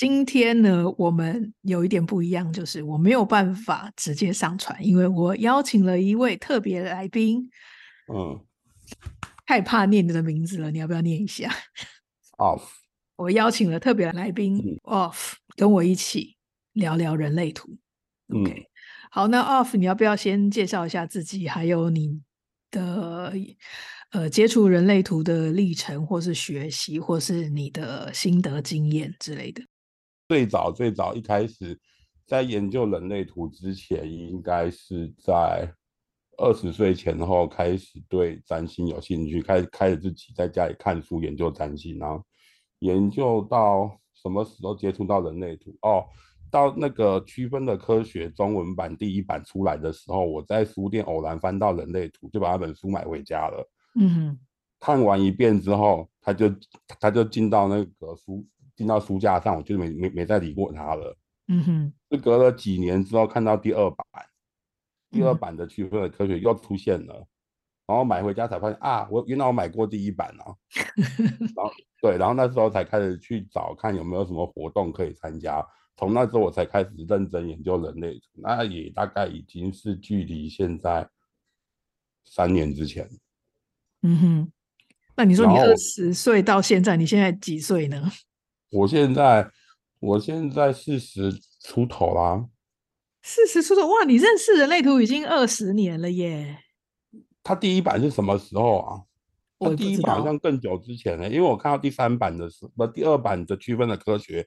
今天呢，我們有一點不一樣，就是我沒有辦法直接上傳，因為我邀請了一位特別來賓。嗯，害怕念你的名字了，你要不要念一下？Ulf，我邀請了特別來賓 Ulf，跟我一起聊聊人類圖。嗯、OK，好，那 Ulf，你要不要先介紹一下自己，還有你的呃接觸人類圖的歷程，或是學習，或是你的心得經驗之類的。最早最早一開始，在研究人類圖之前，應該是在二十歲前後開始對占星有興趣，開始開始自己在家裡看書研究占星，然後研究到什麼時候接觸到人類圖哦，到那個區分的科學中文版第一版出來的時候，我在書店偶然翻到人類圖，就把那本書買回家了。嗯哼，看完一遍之後，他就他就進到那個書。進到書架上，我就沒沒沒再理過它了。嗯哼，是隔了幾年之後看到第二版，第二版的《趣味科學》又出現了，嗯、然後買回家才發現啊，我原來我買過第一版啊。 然後對，然後那時候才開始去找看有沒有什麼活動可以參加。從那時候我才開始認真研究人類，那也大概已經是距離現在三年之前。嗯哼，那你說你二十歲到現在，後你現在幾歲呢？我現在，我現在四十出頭啦，啊。四十出頭，哇！你認識人類圖已經二十年了耶。他第一版是什麼時候啊？我第一版好像更久之前呢，因為我看到第三版的時候，不，第二版的區分的科學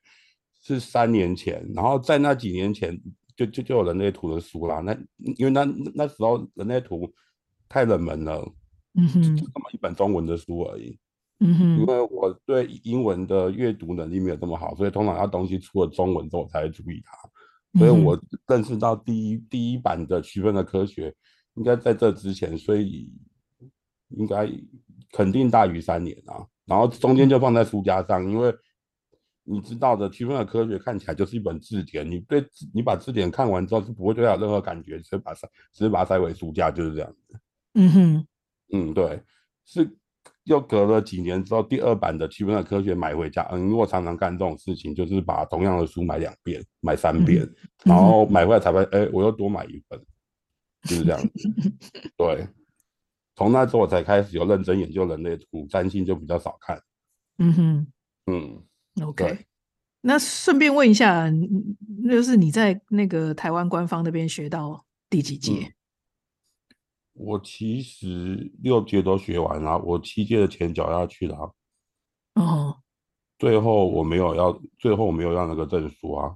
是三年前，然後在那幾年前就就就有人類圖的書啦。那因為那那時候人類圖太冷門了，嗯哼，只是一本中文的書而已。嗯哼，因為我對英文的閱讀能力沒有這麼好，所以通常要東西出了中文之後才會注意它。所以我認識到第一第一版的《區分的科學》應該在這之前，所以應該肯定大於三年啊。然後中間就放在書架上，嗯、因為你知道的，《區分的科學》看起來就是一本字典。你對，你把字典看完之後是不會對他有任何感覺，所以把它，只是把它塞回書架就是這樣子。嗯哼，嗯對，是。又隔了幾年之後，第二版的《區分的科學》買回家。嗯，因為我常常幹這種事情，就是把同樣的書買兩遍、買三遍，嗯、然後買回來才發現，哎、嗯哼欸，我又多買一本，就是這樣子。 對，從那時候才開始有認真研究人類圖，占星就比較少看。嗯哼，嗯，OK 對。那順便問一下，那就是你在那個台灣官方那邊學到第幾節？嗯我其實六階都學完了、啊，我七階的錢交下去了、啊，哦，oh. 最後我沒有要，最後我沒有要那個證書啊，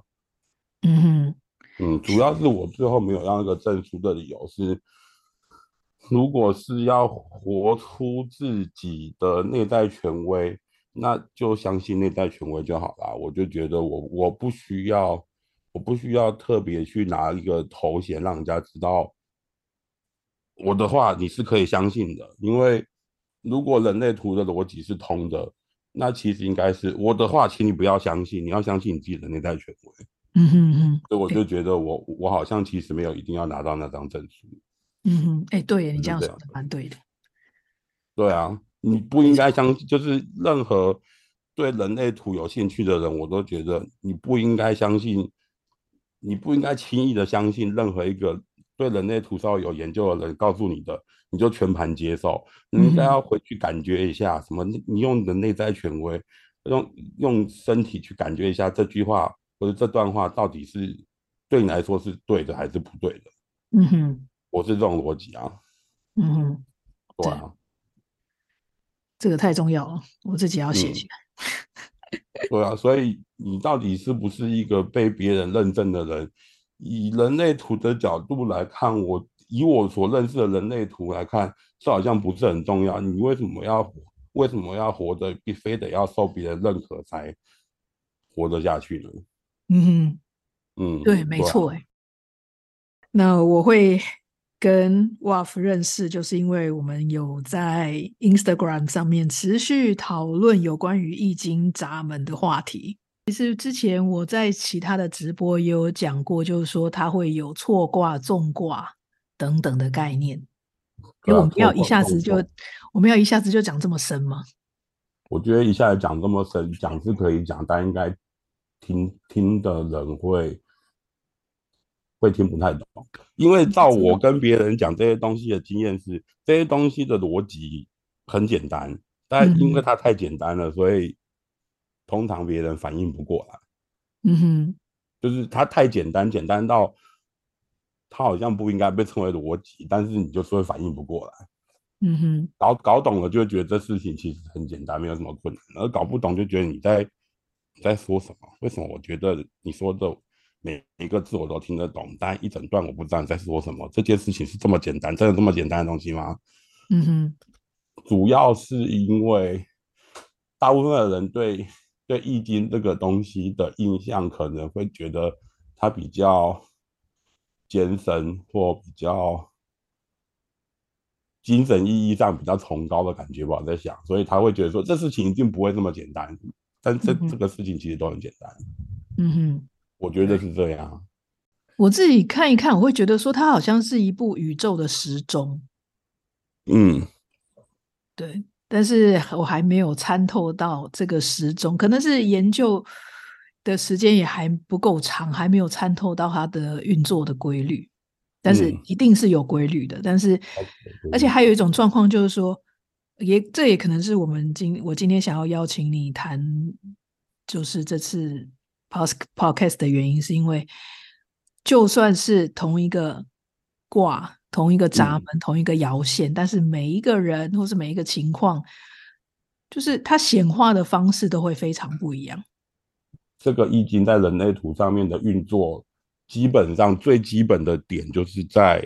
嗯、mm，hmm. 嗯，主要是我最後沒有要那個證書的理由是，如果是要活出自己的內在權威，那就相信內在權威就好了。我就覺得我我不需要，我不需要特別去拿一個頭銜讓人家知道。我的話你是可以相信的，因為如果人類圖的邏輯是通的，那其實應該是我的話，請你不要相信，你要相信你自己的內在權威。嗯哼哼，所以我就覺得我、欸、我好像其實沒有一定要拿到那張證書。嗯哼，哎、欸，對你這樣子你說的蠻對的。對啊，你不應該相信，就是任何對人類圖有興趣的人，我都覺得你不應該相信，你不應該輕易的相信任何一個。對人類圖少有研究的人告訴你的，你就全盤接受。你應該要回去感覺一下，什麼？嗯、哼你用你的內在權威，用用身體去感覺一下這句話或者這段話到底是對你來說是對的還是不對的？嗯哼，我是這種邏輯啊。嗯哼，對啊，這個太重要了，我自己要寫起來、嗯。對啊，所以你到底是不是一個被別人認證的人？以人類圖的角度來看，我以我所認識的人類圖來看，這好像不是很重要。你為什麼要為什麼要活着？你非得要受別人認可才活得下去呢？嗯嗯，對，對沒錯。哎，那我會跟 Ulf 認識，就是因為我們有在 Instagram 上面持續討論有關於易經閘門的話題。其實之前我在其他的直播也有講過，就是說它會有錯卦、綜卦等等的概念。啊、因為我們要一下子就我們要一下子就講這麼深嗎？我覺得一下子講這麼深講是可以講，但應該聽聽的人會會聽不太懂。因為照我跟別人講這些東西的經驗是，這些東西的邏輯很簡單，但因為它太簡單了，嗯、所以。通常別人反應不過來，嗯哼，就是它太簡單，簡單到，它好像不應該被稱為邏輯，但是你就是會反應不過來，嗯哼，搞搞懂了就會覺得這事情其實很簡單，沒有什麼困難，而搞不懂就覺得你在在說什麼？為什麼？我覺得你說的每一個字我都聽得懂，但一整段我不知道你在說什麼。這件事情是這麼簡單，真的這麼簡單的東西嗎？嗯哼，主要是因為大部分的人對。對《易經》這個東西的印象，可能會覺得它比較艱深，或比較精神意義上比較崇高的感覺吧，我在想，所以他會覺得說這事情一定不會這麼簡單。但這、嗯哼，這個事情其實都很簡單。嗯哼，我覺得是這樣。我自己看一看，我會覺得說它好像是一部宇宙的時鐘。嗯，對。但是我還沒有參透到這個時鐘，可能是研究的時間也還不夠長，還沒有參透到它的運作的規律。但是一定是有規律的。嗯、但是，嗯、而且還有一種狀況，就是說，也這也可能是我們今我今天想要邀請你談，就是這次 post podcast 的原因，是因為就算是同一個卦。同一個閘門，嗯、同一個爻線，但是每一個人或是每一個情況，就是它顯化的方式都會非常不一樣。這個易經在人類圖上面的運作，基本上最基本的點就是在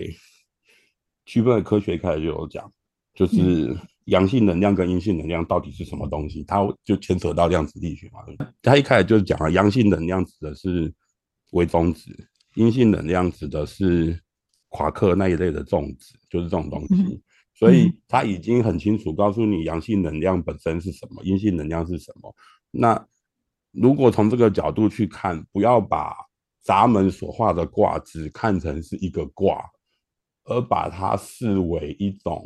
區分的科學一開始就有講，就是陽性能量跟陰性能量到底是什麼東西，它就牽扯到量子力學嘛。它一開始就是講了，陽性能量指的是微中子，陰性能量指的是。夸克，那一類的種子就是這種東西，嗯哼。所以它已經很清楚告訴你，陽性能量本身是什麼，陰性能量是什麼。那如果從這個角度去看，不要把咱們所畫的卦只看成是一個卦，而把它視為一種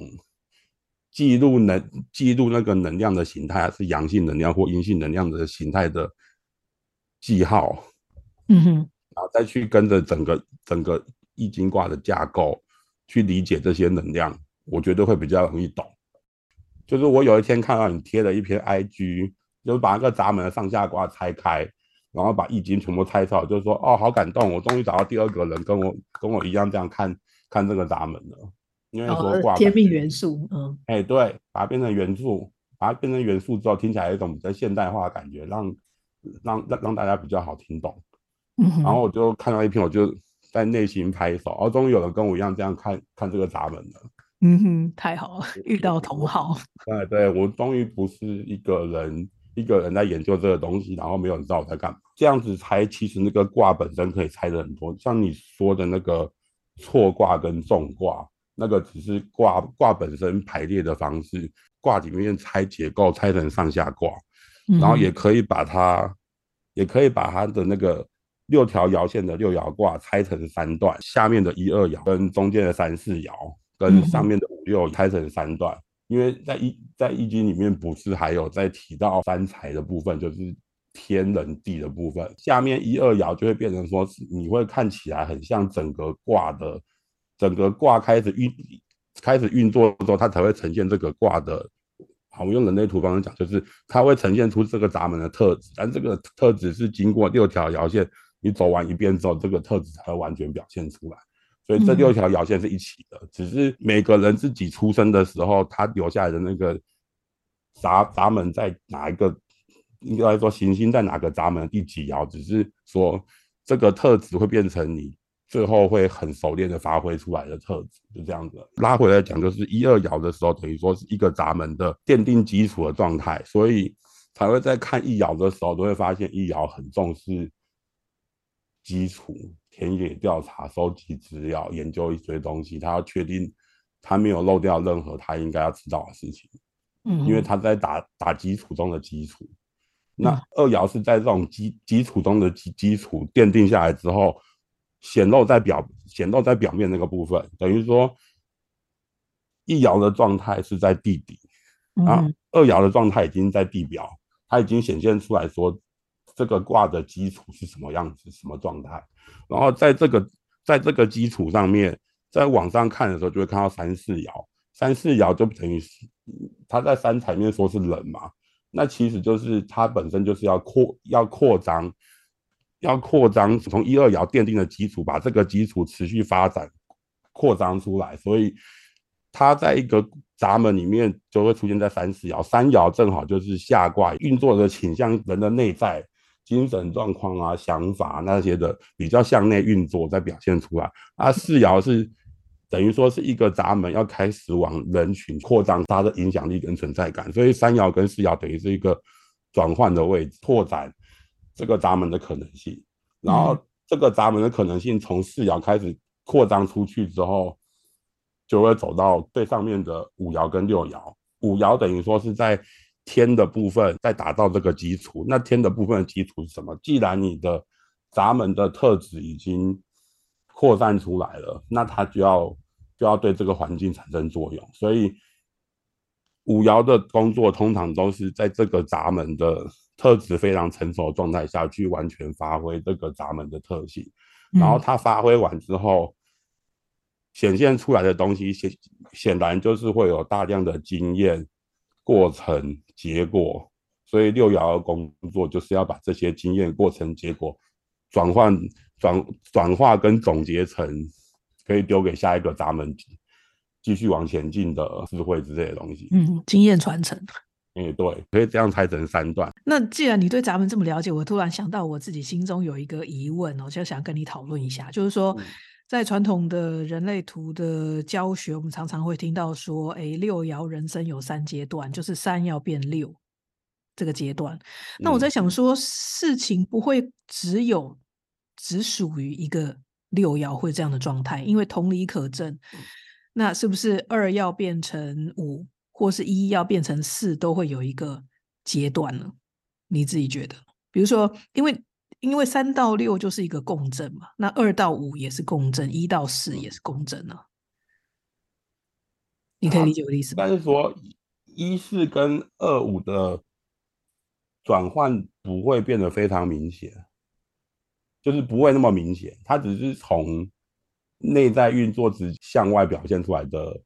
記錄能、記錄那個能量的形態，是陽性能量或陰性能量的形態的記號。嗯哼，然後再去跟着整個整個。整個易經卦的架構，去理解這些能量，我覺得會比較容易懂。就是我有一天看到你貼了一篇 IG，就是把那個閘門的上下卦拆開，然後把易經全部拆掉，就是說哦，好感動，我終於找到第二個人跟我跟我一樣這樣看，看這個閘門了。因為說卦、哦、天命元素，嗯，哎、欸，對，把它變成元素，把它變成元素之後，聽起來有一種比較現代化的感覺，讓讓讓讓大家比較好聽懂。嗯、哼然後我就看到一篇，我就。在內心拍手啊！哦，終於有人跟我一樣這樣看看這個閘門了。嗯哼，太好了，遇到同好。對對，我終於不是一個人一個人在研究這個東西，然後沒有人知道我在幹。這樣子拆，其實那個卦本身可以拆得很多。像你說的那個錯卦跟縱卦，那個只是卦、卦本身排列的方式，卦裡面拆結構，拆成上下卦，然後也可以把它，嗯、哼也可以把它的那個。六條爻線的六爻卦拆成三段，下面的一二爻跟中間的三四爻跟上面的五六拆成三段，嗯、因為在易在易經裡面不是還有在提到三才的部分，就是天人地的部分，下面一二爻就會變成說你會看起來很像整個卦的，整個卦開始運開始運作的時候，它才會呈現這個卦的，好我用人類圖方式講，就是它會呈現出這個閘門的特質，但這個特質是經過六條爻線。你走完一遍之後，這個特質才會完全表現出來。所以這六條爻線是一起的，嗯、只是每個人自己出生的時候，他留下來的那個閘閘門在哪一個，應該說行星在哪個閘門第幾爻，只是說這個特質會變成你最後會很熟練的發揮出來的特質，就這樣子。拉回來講，就是一二爻的時候，等於說是一個閘門的奠定基礎的狀態，所以才會在看一爻的時候，都會發現一爻很重視。基礎田野調查、收集資料、研究一些東西，他要確定他沒有漏掉任何他應該要知道的事情。嗯，嗯，因為他在打打基礎中的基礎。那二爻是在這種基基礎中的基基礎奠定下來之後，顯露在表顯露在表面那個部分，等於說一爻的狀態是在地底，啊，二爻的狀態已經在地表，它已經顯現出來，說。這個卦的基礎是什麼樣子，什麼狀態？然後在這個在這個基礎上面，在網上看的時候，就會看到三四爻，三四爻就等於是他在三才面說是人嘛，那其實就是它本身就是要擴、要擴張，要擴張，從一二爻奠定的基礎，把這個基礎持續發展、擴張出來。所以它在一個閘門裡面就會出現在三四爻，三爻正好就是下卦運作的傾向，人的內在。精神狀況啊，想法啊，那些的比較向內運作，再表現出來。啊，四爻是等於說是一個閘門要開始往人群擴張它的影響力跟存在感，所以三爻跟四爻等於是一個轉換的位置，拓展這個閘門的可能性。然後這個閘門的可能性從四爻開始擴張出去之後，就會走到最上面的五爻跟六爻。五爻等於說是在。天的部分在打造這個基礎，那天的部分的基礎是什麼？既然你的閘門的特質已經擴散出來了，那它就要就要對這個環境產生作用。所以五爻的工作通常都是在這個閘門的特質非常成熟的狀態下去完全發揮這個閘門的特性，嗯、然後它發揮完之後顯現出來的東西，顯顯然就是會有大量的經驗過程。結果，所以六爻的工作就是要把這些經驗過程結果轉換轉轉化跟總結成可以丟給下一個閘門繼續往前進的智慧之類的東西。嗯，經驗傳承。誒、欸，對，所以這樣才成三段。那既然你對閘門這麼了解，我突然想到我自己心中有一個疑問，我就想跟你討論一下，就是說。嗯在傳統的人類圖的教學，我們常常會聽到說：“哎，六爻人生有三階段，就是三要變六這個階段。”那我在想說，事情不會只有只屬於一個六爻會這樣的狀態，因為同理可證。嗯。那是不是二要變成五，或是一要變成四，都會有一個階段呢？你自己覺得？比如說，因為。因為三到六就是一個共振嘛，那二到五也是共振，一到四也是共振了，啊。你可以理解我的意思嗎？啊，但是說一四跟二五的轉換不會變得非常明顯，就是不會那麼明顯，它只是從內在運作直向外表現出來的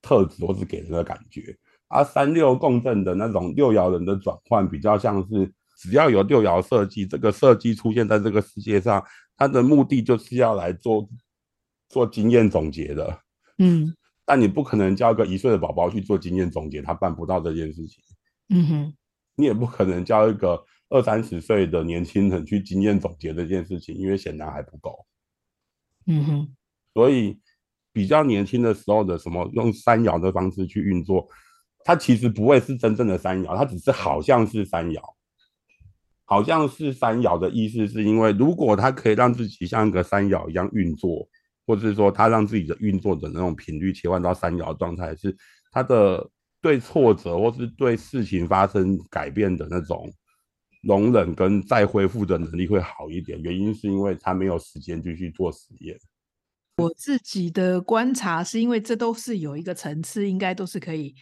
特質或是給人的感覺。而三六共振的那種六爻人的轉換比較像是。只要有六爻設計，這個設計出現在這個世界上，它的目的就是要來做做經驗總結的。嗯，但你不可能叫一個一歲的寶寶去做經驗總結，他辦不到這件事情。嗯哼，你也不可能叫一個二三十歲的年輕人去經驗總結這件事情，因為顯然還不夠。嗯哼，所以比較年輕的時候的什麼用三爻的方式去運作，它其實不會是真正的三爻，它只是好像是三爻。好像是三爻的意思，是因為如果他可以讓自己像一個三爻一樣運作，或是說他讓自己的運作的那種頻率切換到三爻狀態，是他的對挫折或是對事情發生改變的那種容忍跟再恢復的能力會好一點。原因是因為他沒有時間繼續做實驗。我自己的觀察是因為這都是有一個層次，應該都是可以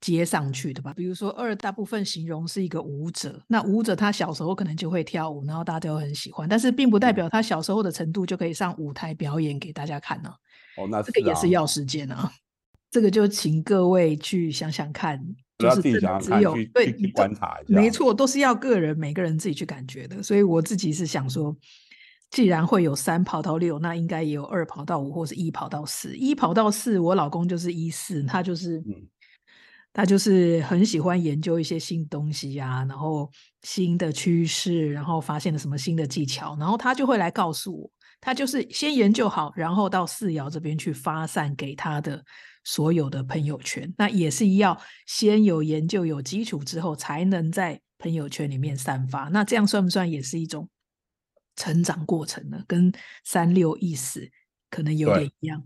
接上去的吧，比如說二，大部分形容是一個舞者。那舞者他小時候可能就會跳舞，然後大家都很喜歡，但是並不代表他小時候的程度就可以上舞台表演給大家看，啊、哦，那、啊、這個也是要時間啊。這個就請各位去想想看，自己想想看就是只有去對觀察一下，沒錯，都是要個人每個人自己去感覺的。所以我自己是想說，既然會有三跑到六，那應該也有二跑到五，或者一跑到四，一跑到四，我老公就是一四，他就是、嗯他就是很喜歡研究一些新東西呀、啊，然後新的趨勢，然後發現了什麼新的技巧，然後他就會來告訴我。他就是先研究好，然後到四爻這邊去發散給他的所有的朋友圈。那也是要先有研究有基礎之後，才能在朋友圈裡面散發。那這樣算不算也是一種成長過程呢？跟三六意思可能有點一樣。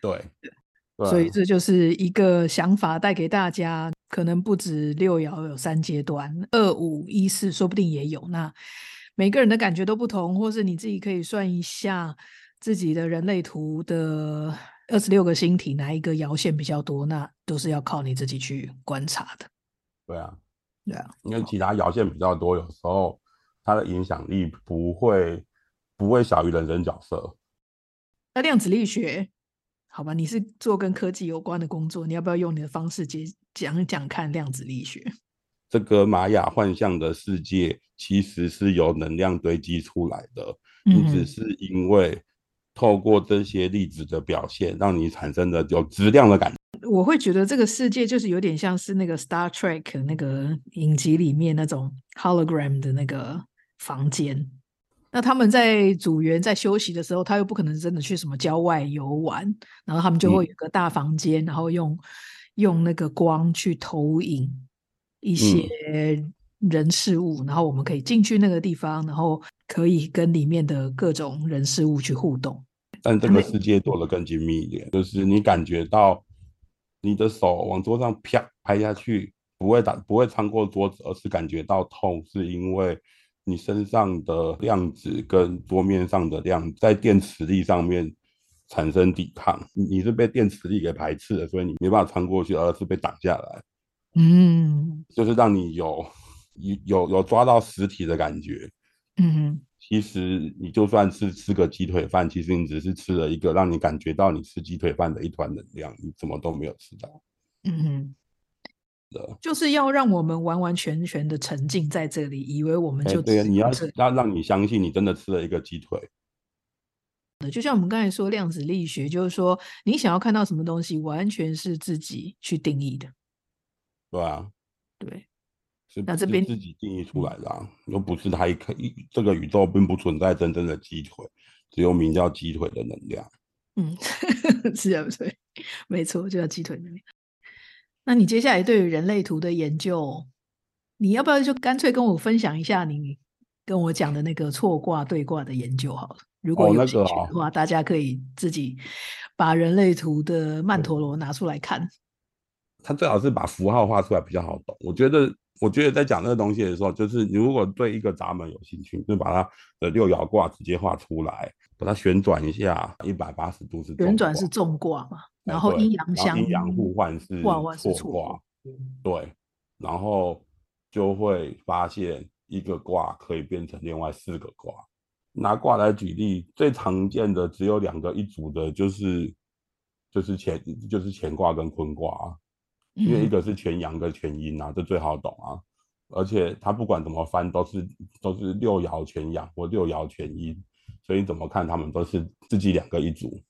對。對啊、所以這就是一個想法帶給大家，可能不止六爻有三階段，二五一四說不定也有。那每個人的感覺都不同，或是你自己可以算一下自己的人類圖的二十六個星體哪一個爻線比較多，那都是要靠你自己去觀察的。對啊，對啊，因為其他爻線比較多，有時候它的影響力不會不會小於人生角色。那量子力學？好吧，你是做跟科技有關的工作，你要不要用你的方式解講講看量子力學？這個瑪雅幻象的世界其實是由能量堆積出來的，嗯、只是因為透過這些粒子的表現，讓你產生的有質量的感覺。我會覺得這個世界就是有點像是那個 Star Trek 那個影集裡面那種 Hologram 的那個房間。那他們在組員在休息的時候，他又不可能真的去什麼郊外遊玩，然後他們就會有個大房間，嗯、然後用用那個光去投影一些人事物，嗯、然後我們可以進去那個地方，然後可以跟裡面的各種人事物去互動。但這個世界做得更精密一點，嗯、就是你感覺到你的手往桌上啪拍下去，不會打不會穿過桌子，而是感覺到痛，是因為。你身上的量子跟桌面上的量子在電磁力上面產生抵抗，你是被電磁力給排斥了，所以你沒辦法穿過去，而是被擋下來。嗯，就是讓你有有有抓到實體的感覺。嗯，其實你就算是吃個雞腿飯，其實你只是吃了一個讓你感覺到你吃雞腿飯的一團能量，你什麼都沒有吃到。嗯。就是要讓我們完完全全的沉浸在這裡，以為我們就對啊，你要要讓你相信你真的吃了一個雞腿。就像我們剛才說，量子力學就是說，你想要看到什麼東西，完全是自己去定義的。對啊，對，那這邊自己定義出來的啊，又不是它一可，這個宇宙並不存在真正的雞腿，只有名叫雞腿的能量。嗯，是啊，對，沒錯，就叫雞腿能量。那你接下來對於人類圖的研究，你要不要就乾脆跟我分享一下你跟我講的那個錯卦對卦的研究好了？如果有興趣的話，哦那個哦、大家可以自己把人類圖的曼陀羅拿出來看。他最好是把符號畫出來比較好懂。我覺得，我覺得在講這個東西的時候，就是如果對一個閘門有興趣，就把它的六爻卦直接畫出來，把它旋轉一下一百八十度是，旋轉是縱卦嘛。然後陰陽相，陰陽互換是錯卦，嗯、或對，然後就會發現一個卦可以變成另外四個卦。拿卦來舉例，最常見的只有兩個一組的、就是，就是乾就是乾就是乾卦跟坤卦，啊，嗯、因為一個是全陽跟全陰啊，這最好懂啊。而且它不管怎麼翻都是都是六爻全陽或六爻全陰，所以怎麼看他們都是自己兩個一組。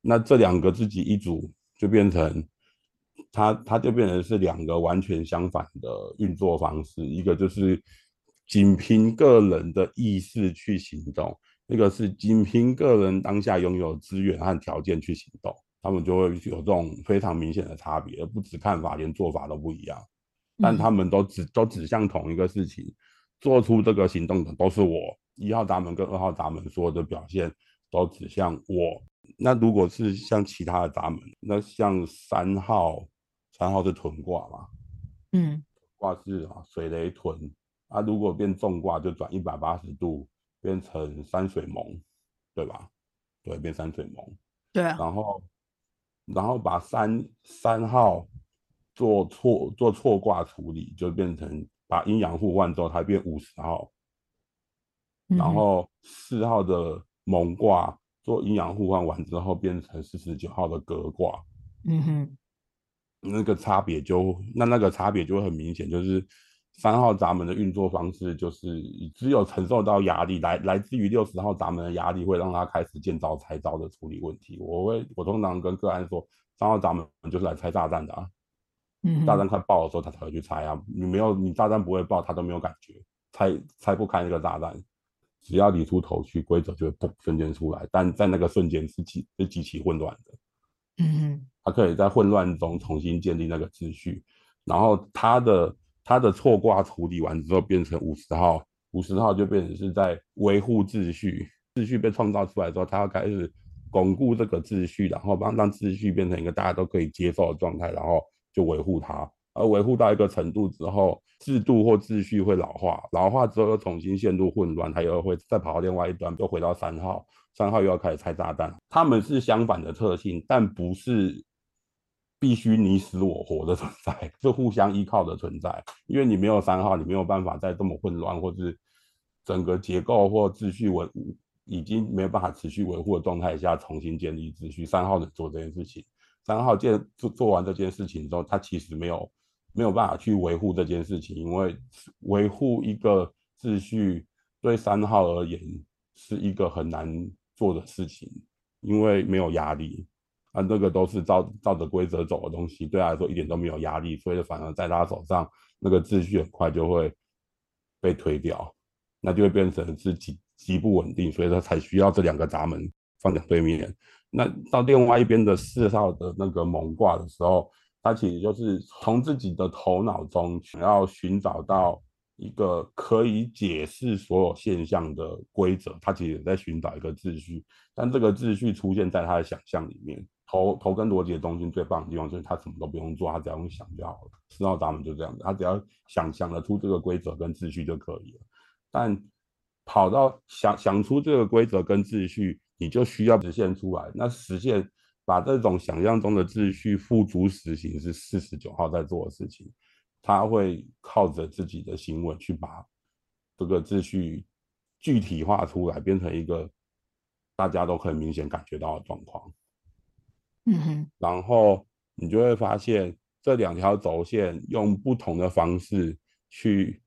那這兩個自己一組就變成他，他他就變成是兩個完全相反的運作方式，一個就是僅憑個人的意識去行動，一個是僅憑個人當下擁有資源和條件去行動。他們就會有這種非常明顯的差別，不止看法，連做法都不一樣。但他們都指都指向同一個事情，做出這個行動的都是我，一號閘門跟二號閘門所有的表現都指向我。那如果是像其他的閘門，那像三號，三號是屯卦嘛？嗯，卦是啊，水雷屯那、啊、如果變綜卦就轉一百八十度，變成山水蒙，對吧？對，變山水蒙。對、啊，然後，然後把三三號做錯做錯卦處理，就變成把陰陽互換之後，它變五十號。嗯、然後四號的蒙卦，做陰陽互換完之後，變成四十九號的革卦。嗯哼，那個差別就那那個差別就會很明顯，就是三號閘門的運作方式，就是只有承受到壓力來來自於六十號閘門的壓力，會讓他開始見招拆招的處理問題。我會我通常跟個案說，三號閘門就是來拆炸彈的啊，嗯，炸彈快爆的時候，他才會去拆啊。你沒有你炸彈不會爆，他都沒有感覺，拆拆不開那個炸彈。只要理出頭緒，規則就會瞬間出來，但在那個瞬間是極是極其混亂的。嗯，他可以在混亂中重新建立那個秩序，然後他的他的錯卦處理完之後，變成五十號，五十號就變成是在維護秩序，秩序被創造出來之後，他要開始鞏固這個秩序，然後幫讓秩序變成一個大家都可以接受的狀態，然後就維護它。而維護到一個程度之後，制度或秩序會老化，老化之後又重新陷入混亂，還又會再跑到另外一端，又回到三號，三號又要開始拆炸彈。他們是相反的特性，但不是必須你死我活的存在，是互相依靠的存在。因為你沒有三號，你沒有辦法在這麼混亂，或是整個結構或秩序穩，已經沒有辦法持續維護的狀態下，重新建立秩序。三號在做這件事情，三號建做做完這件事情之後，他其實沒有。沒有辦法去維護這件事情，因為維護一個秩序對三號而言是一個很難做的事情，因為沒有壓力，啊，那這個都是照照着規則走的東西，對他來說一點都沒有壓力，所以反而在他手上那個秩序很快就會被推掉，那就會變成是極極不穩定，所以他才需要這兩個閘門放在對面，那到另外一邊的四號的那個蒙卦的時候。他其實就是從自己的頭腦中想要尋找到一個可以解釋所有現象的規則，他其實也在尋找一個秩序，但這個秩序出現在他的想象裡面。頭頭跟邏輯的東西最棒的地方就是他什麼都不用做，他只要用想就好了。知道咱們就這樣子，他只要想想，得出這個規則跟秩序就可以了。但跑到想，想出這個規則跟秩序，你就需要實現出來。那實現。把這種想象中的秩序付諸實行，是四十九號在做的事情，他會靠着自己的行為去把這個秩序具體化出來，變成一個大家都可以明顯感覺到的狀況。嗯哼，然後你就會發現這兩條軸線用不同的方式去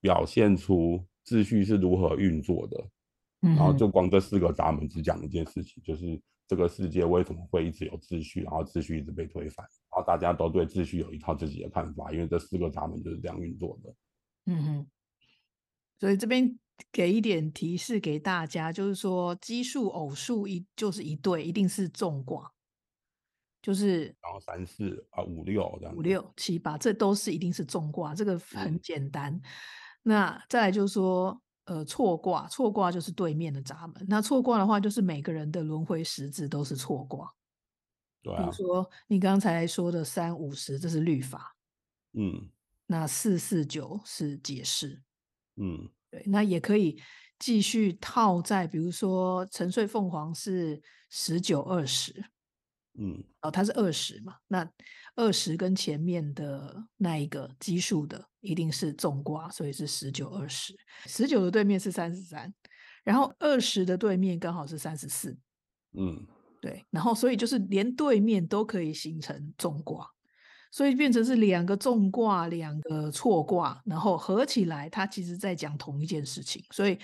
表現出秩序是如何運作的。嗯哼，然後就光這四個閘門只講一件事情，就是。這個世界為什麼會一直有秩序，然後秩序一直被推翻，然後大家都對秩序有一套自己的看法，因為這四個閘門就是這樣運作的。嗯哼，所以這邊給一點提示給大家，就是說奇數偶數一就是一對，一定是縱卦，就是然後三四啊五六這樣，五六七八這都是一定是縱卦，這個很簡單。嗯、那再來就是說。呃，錯卦，錯卦就是對面的閘門。那錯卦的話，就是每個人的輪迴十字都是錯卦。對啊。比如說你剛才說的三五十，這是律法。嗯。那四四九是解釋。嗯，對。那也可以繼續套在，比如說沉睡鳳凰是十九二十。嗯，哦，它是二十嘛？那二十跟前面的那一個奇數的一定是綜卦，所以是十九、二十。十九的對面是三十三，然後二十的對面剛好是三十四。嗯，對。然後所以就是連對面都可以形成綜卦，所以變成是兩個綜卦，兩個錯卦，然後合起來，它其實在講同一件事情。所以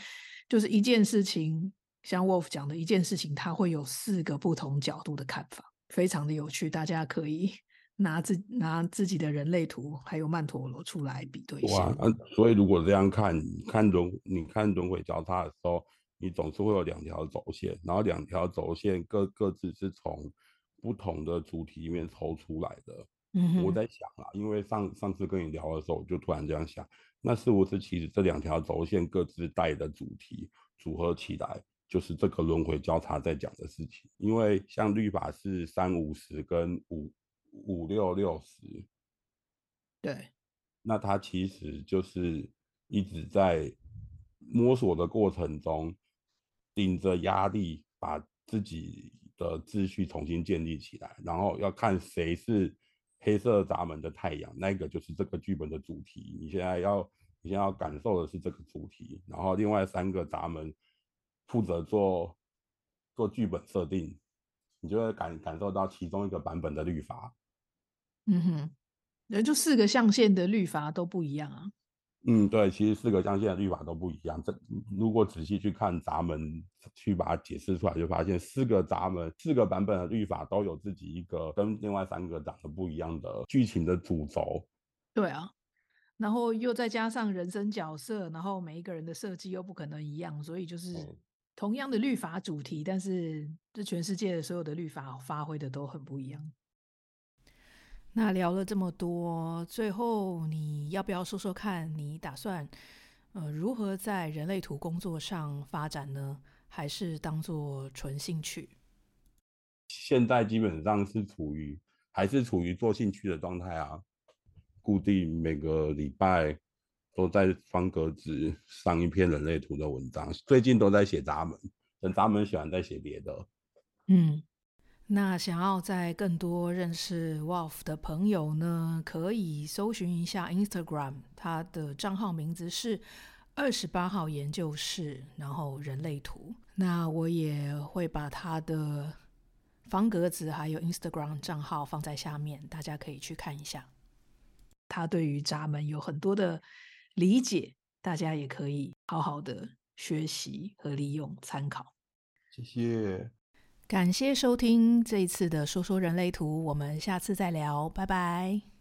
就是一件事情，像 Ulf 講的一件事情，它會有四個不同角度的看法。非常的有趣，大家可以拿自拿自己的人類圖還有曼陀羅出來比對一下。哇，啊，所以如果這樣看看輪，你看輪回交叉的時候，你總是會有兩條軸線，然後兩條軸線各各自是從不同的主題裡面抽出來的。嗯哼。我在想啊，因為上上次跟你聊的時候，我就突然這樣想，那是不是其實這兩條軸線各自帶的主題組合起來，就是這個輪回交叉在講的事情，因為像律法是三五十跟五五六六十，對，那它其實就是一直在摸索的過程中，頂着壓力把自己的秩序重新建立起來，然後要看誰是黑色閘門的太陽，那個就是這個劇本的主題。你現在要，你現在要感受的是這個主題，然後另外三個閘門。負責做做劇本設定，你就會感感受到其中一個版本的律法。嗯哼，也就四個象限的律法都不一樣啊。嗯，對，其實四個象限的律法都不一樣。這如果仔細去看閘門，去把它解釋出來，就發現四個閘門、四個版本的律法都有自己一個跟另外三個長得不一樣的劇情的主軸。對啊，然後又再加上人生角色，然後每一個人的設計又不可能一樣，所以就是。嗯同樣的律法主題，但是這全世界的所有的律法發揮的都很不一樣。那聊了這麼多，最後你要不要說說看，你打算呃如何在人類圖工作上發展呢？還是當做純興趣？現在基本上是處於還是處於做興趣的狀態啊，固定每個禮拜。都在方格子上一篇人類圖的文章，最近都在寫閘門。等閘門寫完再寫別的。嗯，那想要在更多認識 Ulf 的朋友呢，可以搜尋一下 Instagram，他的賬號名字是二十八號研究室，然後人類圖。那我也會把他的方格子還有 Instagram 賬號放在下面，大家可以去看一下。他對於閘門有很多的理解，大家也可以好好的學習和利用參考。謝謝，感謝收聽這一次的說說人類圖，我們下次再聊，拜拜。